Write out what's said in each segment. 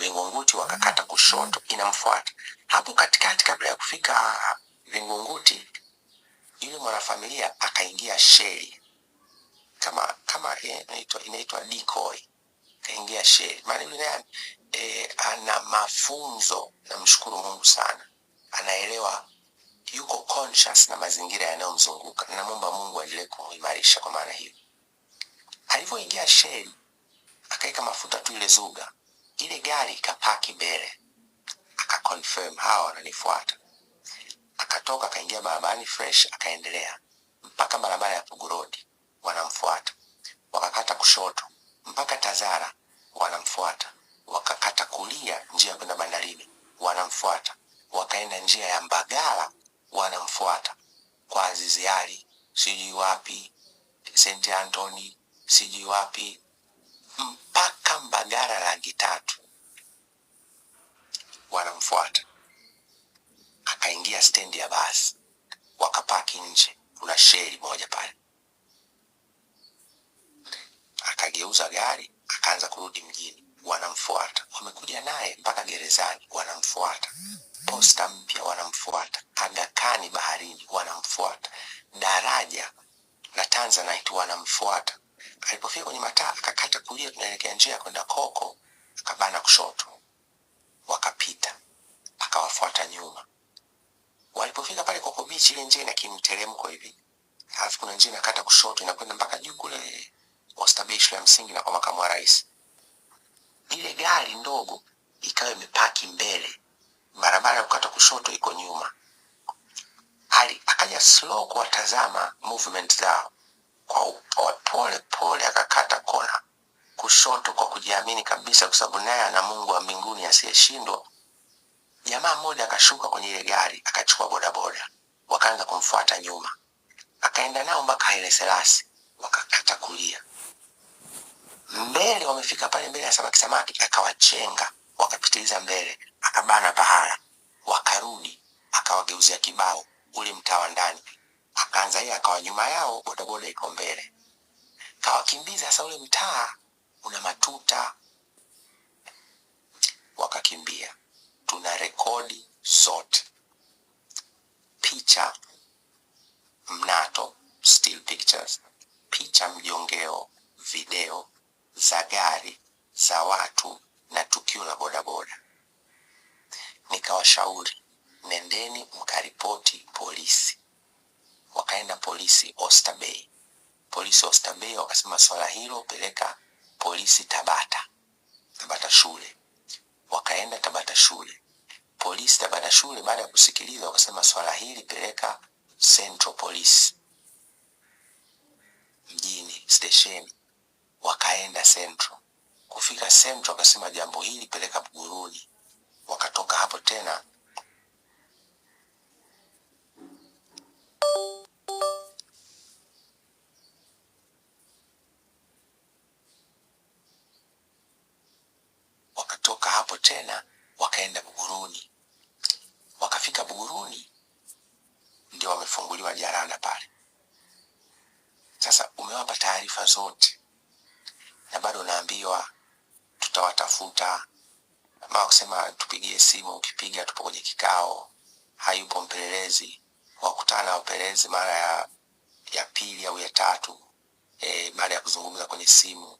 Vingunguti wakakata kushoto, inamfuata hapo katikati. Kabla ya kufika Vingunguti, yule mwanafamilia akaingia sheri kama kama eh, inaitwa inaitwa decoy, kaingia sheri. Maana yule eh, naye e, ana mafunzo. Namshukuru Mungu sana, anaelewa yuko conscious na mazingira yanayomzunguka. Namwomba Mungu aendelee kumuimarisha kwa maana hiyo. Alivyoingia sheri akaweka mafuta tu ile zuga ile gari ikapaki mbele, akakonfirm hawa wananifuata, akatoka akaingia barabarani fresh, akaendelea mpaka barabara ya Pugu Road, wanamfuata, wakakata kushoto mpaka Tazara, wanamfuata, wakakata kulia njia ya kwenda bandarini, wanamfuata, wakaenda njia ya Mbagala, wanamfuata kwa Aziziali, sijui wapi St Antony, sijui wapi mpaka Mbagara rangi tatu wanamfuata. Akaingia stendi ya basi, wakapaki nje, kuna sheri moja pale. Akageuza gari akaanza kurudi mjini, wanamfuata. Wamekuja naye mpaka gerezani, wanamfuata. Posta mpya wanamfuata. agakani baharini wanamfuata. Daraja la Tanzanite wanamfuata Alipofika kwenye mataa akakata kulia, tunaelekea njia kwenda Koko, akabana kushoto, wakapita, akawafuata nyuma. Walipofika pale Koko Beach, ile njia ina kimteremko hivi, alafu kuna njia inakata kushoto inakwenda mpaka juu kule Oyster Bay, shule ya msingi na kwa makamu wa rais. Ile gari ndogo ikawa imepaki mbele, barabara ya kukata kushoto iko nyuma. Ali akaja slow kuwatazama movement zao kwa upole pole, akakata kona kushoto kwa kujiamini kabisa, kwa sababu naye ana Mungu wa mbinguni asiyeshindwa. Jamaa mmoja akashuka kwenye ile gari akachukua bodaboda, wakaanza kumfuata nyuma, akaenda nao mpaka ile selasi, wakakata kulia mbele. Wamefika pale mbele ya samaki samaki, akawachenga wakapitiliza mbele, akabana pahala, wakarudi akawageuzia kibao ule mtaa wa ndani akaanza yeye akawa nyuma yao, bodaboda iko mbele, kawakimbiza. Sasa ule mtaa una matuta, wakakimbia. Tuna rekodi zote, picha mnato, still pictures, picha mjongeo, video za gari za watu na tukio la bodaboda. Nikawashauri, nendeni mkaripoti polisi wakaenda polisi Oyster Bay. Polisi Oyster Bay wakasema swala hilo peleka polisi Tabata, Tabata shule. Wakaenda Tabata shule, polisi Tabata shule, baada ya kusikiliza wakasema swala hili peleka Central Police mjini stesheni. Wakaenda Central, kufika Central wakasema jambo hili peleka Buguruni. Wakatoka hapo tena zote, na bado naambiwa tutawatafuta ambao kusema tupigie simu, ukipiga tupo kwenye kikao, hayupo mpelelezi. Wakutana na wapelelezi mara ya, ya pili au ya, tatu e, baada ya kuzungumza kwenye simu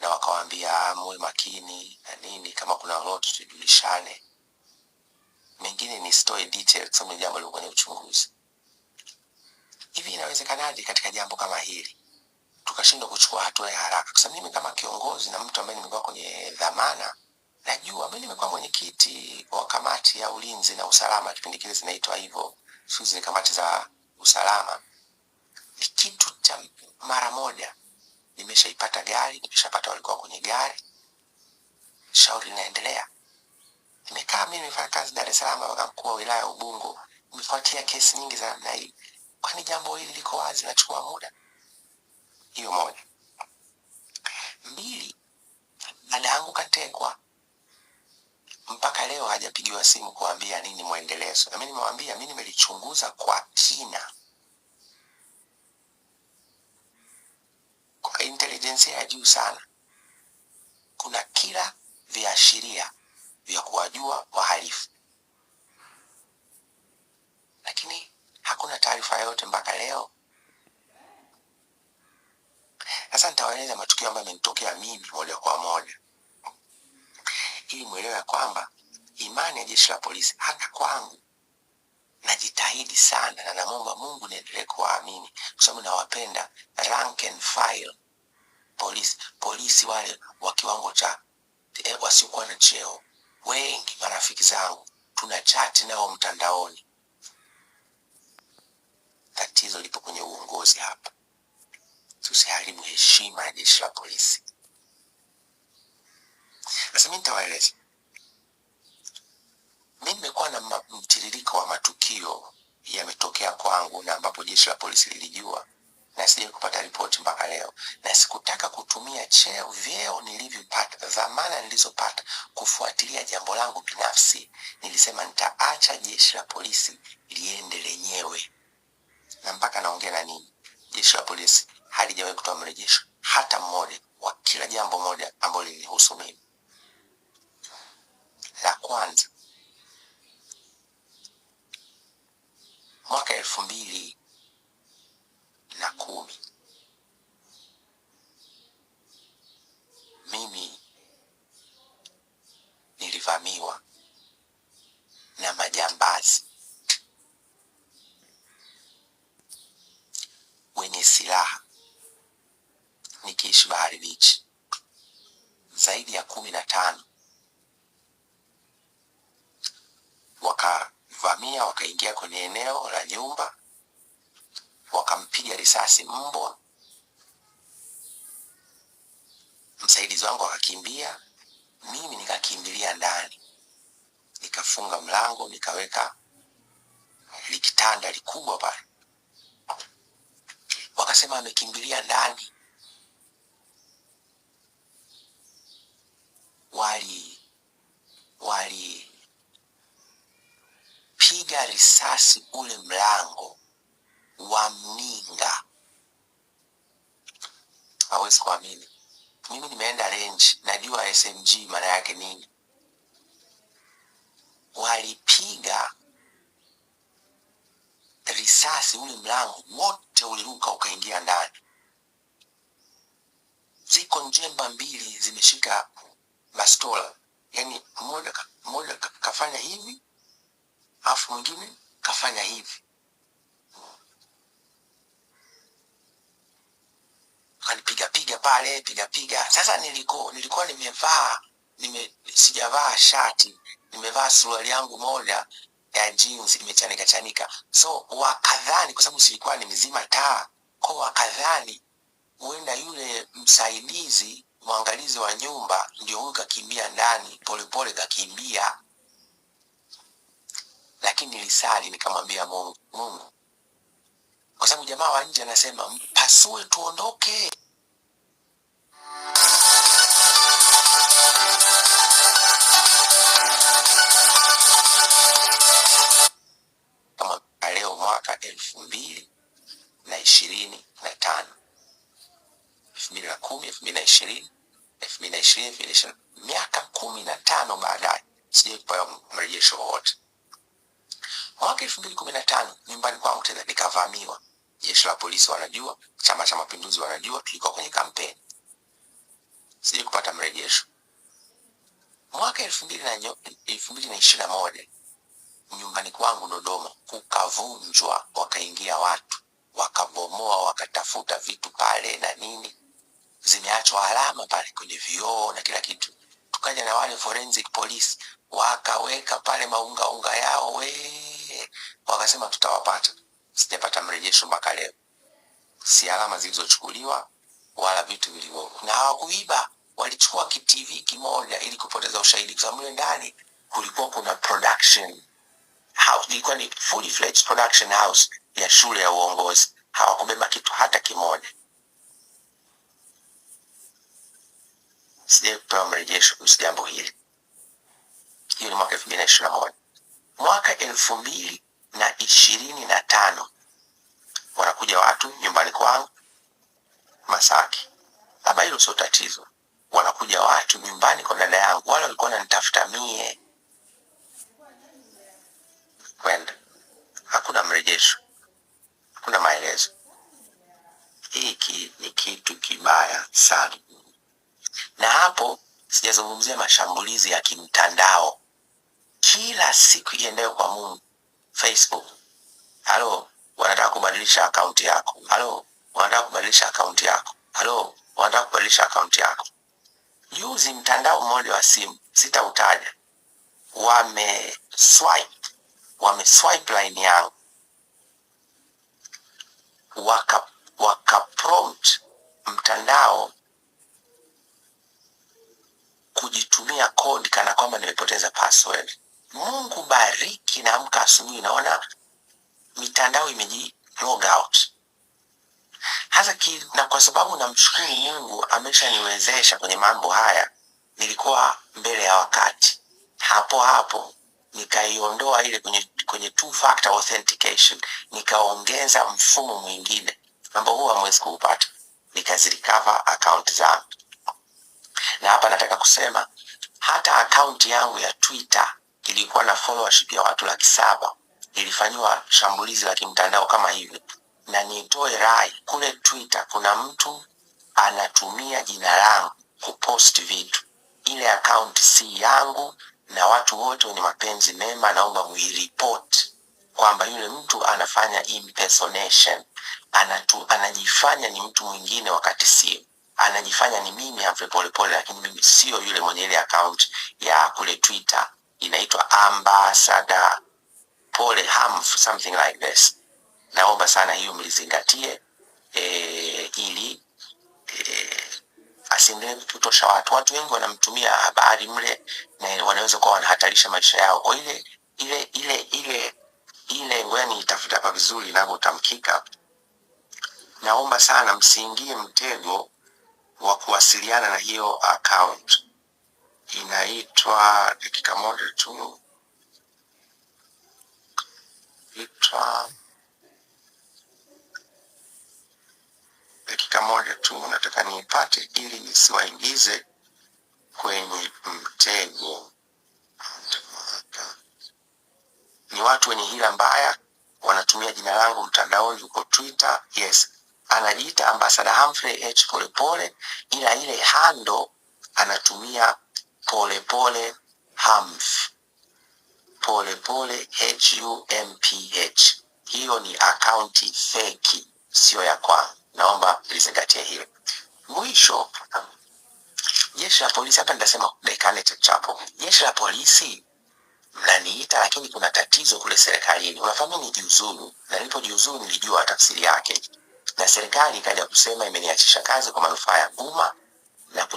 na wakawaambia ah, muwe makini na nini, kama kuna lolote tujulishane. Mengine ni story detail, kwa sababu jambo liko kwenye uchunguzi. Hivi inawezekanaje katika jambo kama hili? wakashindwa kuchukua hatua ya haraka. Kwa sababu mimi kama kiongozi na mtu ambaye nimekuwa kwenye dhamana, najua mimi nimekuwa mwenyekiti wa kamati ya ulinzi na usalama, kipindi kile zinaitwa hivyo, siku zile kamati za usalama. Ni kitu cha mara moja, nimeshaipata gari, nimeshapata walikuwa kwenye gari, shauri linaendelea. Nimekaa mimi, nimefanya kazi Dar es Salaam mpaka mkuu wa wilaya Ubungo, nimefuatia kesi nyingi za namna hii. Kwani jambo hili liko wazi, nachukua muda hiyo moja. Mbili, dada yangu katekwa, mpaka leo hajapigiwa simu kuambia nini mwendelezo. Nami nimewambia mi nimelichunguza kwa kina kwa intelijensia ya juu sana. Kuna kila viashiria vya kuwajua wahalifu, lakini hakuna taarifa yoyote mpaka leo sasa nitawaeleza matukio ambayo yamenitokea mimi moja kwa moja, ili mwelewe ya kwamba imani ya jeshi la polisi hata kwangu, najitahidi sana na namomba Mungu niendelee kuwaamini kwa sababu nawapenda rank and file polisi, polisi wale wa kiwango cha eh, wasiokuwa na cheo. Wengi marafiki zangu tuna chati nao mtandaoni. Tatizo lipo kwenye uongozi hapa tusiharibu heshima ya jeshi la polisi. Sasa mi nitawaeleza, mi nimekuwa na mtiririko wa matukio yametokea kwangu na ambapo jeshi la polisi lilijua na sijai kupata ripoti mpaka leo, na sikutaka kutumia cheo, vyeo nilivyopata, dhamana nilizopata kufuatilia jambo langu binafsi. Nilisema nitaacha jeshi la polisi liende lenyewe, na mpaka naongea na nini jeshi la polisi halijawahi kutoa mrejesho hata mmoja wa kila jambo moja ambalo lilihusu mimi. La kwanza, mwaka elfu mbili na kumi mimi nilivamiwa na majambazi wenye silaha nikiishi bahari bichi zaidi ya kumi na tano wakavamia wakaingia kwenye eneo la nyumba wakampiga risasi mbwa msaidizi wangu akakimbia mimi nikakimbilia ndani nikafunga mlango nikaweka likitanda likubwa pale wakasema amekimbilia ndani wali walipiga risasi ule mlango wa mninga. Hawezi kuamini, mimi nimeenda renji, najua SMG maana yake nini. Walipiga risasi ule mlango wote uliruka ukaingia ndani. Ziko njemba mbili zimeshika bastola, yani mmoja mmoja kafanya hivi afu mwingine kafanya hivi, kanipiga piga pale piga piga. Sasa niliko nilikuwa nimevaa nime, sijavaa shati, nimevaa suruali yangu moja ya jeans imechanika chanika, so wakadhani kwa sababu silikuwa nimezima taa, kwa wakadhani huenda yule msaidizi mwangalizi wa nyumba ndio huyu kakimbia ndani polepole, kakimbia. Lakini nilisali nikamwambia Mungu, Mungu, kwa sababu jamaa wa nje anasema mpasue tuondoke. elfu mbili na kumi elfu mbili na ishirini elfu mbili na ishirini elfu mbili na ishirini miaka kumi na tano baadaye sijawahi kupewa mrejesho wowote. Mwaka elfu mbili kumi na tano nyumbani kwangu tena nikavamiwa. Jeshi la polisi wanajua, Chama cha Mapinduzi wanajua, tulikuwa kwenye kampeni, sijai kupata mrejesho. Mwaka elfu mbili na elfu mbili na ishirini na moja nyumbani kwangu Dodoma kukavunjwa, wakaingia watu wakabomoa, wakatafuta vitu pale na nini zimeachwa alama pale kwenye vioo na kila kitu. Tukaja na wale forensic police wakaweka pale maungaunga yao we, wakasema tutawapata. Sijapata mrejesho mpaka leo, si alama zilizochukuliwa wala vitu vilivyo, na hawakuiba walichukua kitv kimoja ili kupoteza ushahidi, kwa sababu ndani kulikuwa kuna production house, ilikuwa ni fully fledged production house ya shule ya uongozi. Hawakubeba kitu hata kimoja. sijai kupewa mrejesho kuhusu jambo hili. Hiyo ni mwaka elfu mbili na ishirini na moja. Mwaka elfu mbili na ishirini na tano wanakuja watu nyumbani kwangu Masaki. Labda hilo sio tatizo. Wanakuja watu nyumbani kwa dada yangu, wale walikuwa wananitafuta mie kwenda, hakuna mrejesho, hakuna maelezo. Hiki ni kitu kibaya sana na hapo sijazungumzia mashambulizi ya kimtandao. Kila siku iendayo kwa Mungu, Facebook, halo, wanataka kubadilisha akaunti yako, halo, wanataka kubadilisha akaunti yako, halo, wanataka kubadilisha akaunti yako. Juzi mtandao mmoja wa simu sitautaja, wame swipe wame swipe line yangu waka, waka prompt mtandao kujitumia kodi kana kwamba nimepoteza password. Mungu bariki, naamka asubuhi naona mitandao imeji log out hasa ki, na kwa sababu namshukuru Mungu ameshaniwezesha kwenye mambo haya, nilikuwa mbele ya wakati. Hapo hapo nikaiondoa ile kwenye, kwenye two factor authentication, nikaongeza mfumo mwingine ambao huwa hamwezi kuupata, nikazirikava account zangu. Na hapa nataka kusema hata akaunti yangu ya Twitter ilikuwa na followership ya watu laki saba ilifanyiwa shambulizi la kimtandao kama hivi, na nitoe rai kule Twitter, kuna mtu anatumia jina langu kupost vitu. Ile akaunti si yangu, na watu wote wenye mapenzi mema, naomba muiripoti kwamba yule mtu anafanya impersonation, anatu, anajifanya ni mtu mwingine wakati sio anajifanya ni mimi Humphrey Polepole, lakini mimi sio yule mwenye ile account ya kule Twitter inaitwa ambasada pole Humph, something like this. Naomba sana hiyo mlizingatie e, ili e, asiendelee kutosha watu. Watu wengi wanamtumia habari mle na wanaweza kuwa wanahatarisha maisha yao kwa ile ile ile ile ile ngweni itafuta hapa vizuri inavyotamkika. Naomba sana msiingie mtego wa kuwasiliana na hiyo account inaitwa, dakika moja tu, itwa dakika moja tu, nataka niipate ili nisiwaingize kwenye mtego. Ni watu wenye hila mbaya, wanatumia jina langu mtandaoni huko Twitter. Yes, anajiita ambasada Humphrey H Polepole, ila ile hando anatumia Polepole Humph Polepole H. Hiyo ni akaunti feki, siyo ya kwa, Naomba lizingatie hilo. Mwisho, jeshi la polisi hapa nitasema dekane chapo, jeshi la polisi mnaniita, lakini kuna tatizo kule serikalini. Unafahamu ni jiuzulu, na nilipojiuzulu nilijua tafsiri yake na serikali ikaja kusema imeniachisha kazi kwa manufaa ya umma na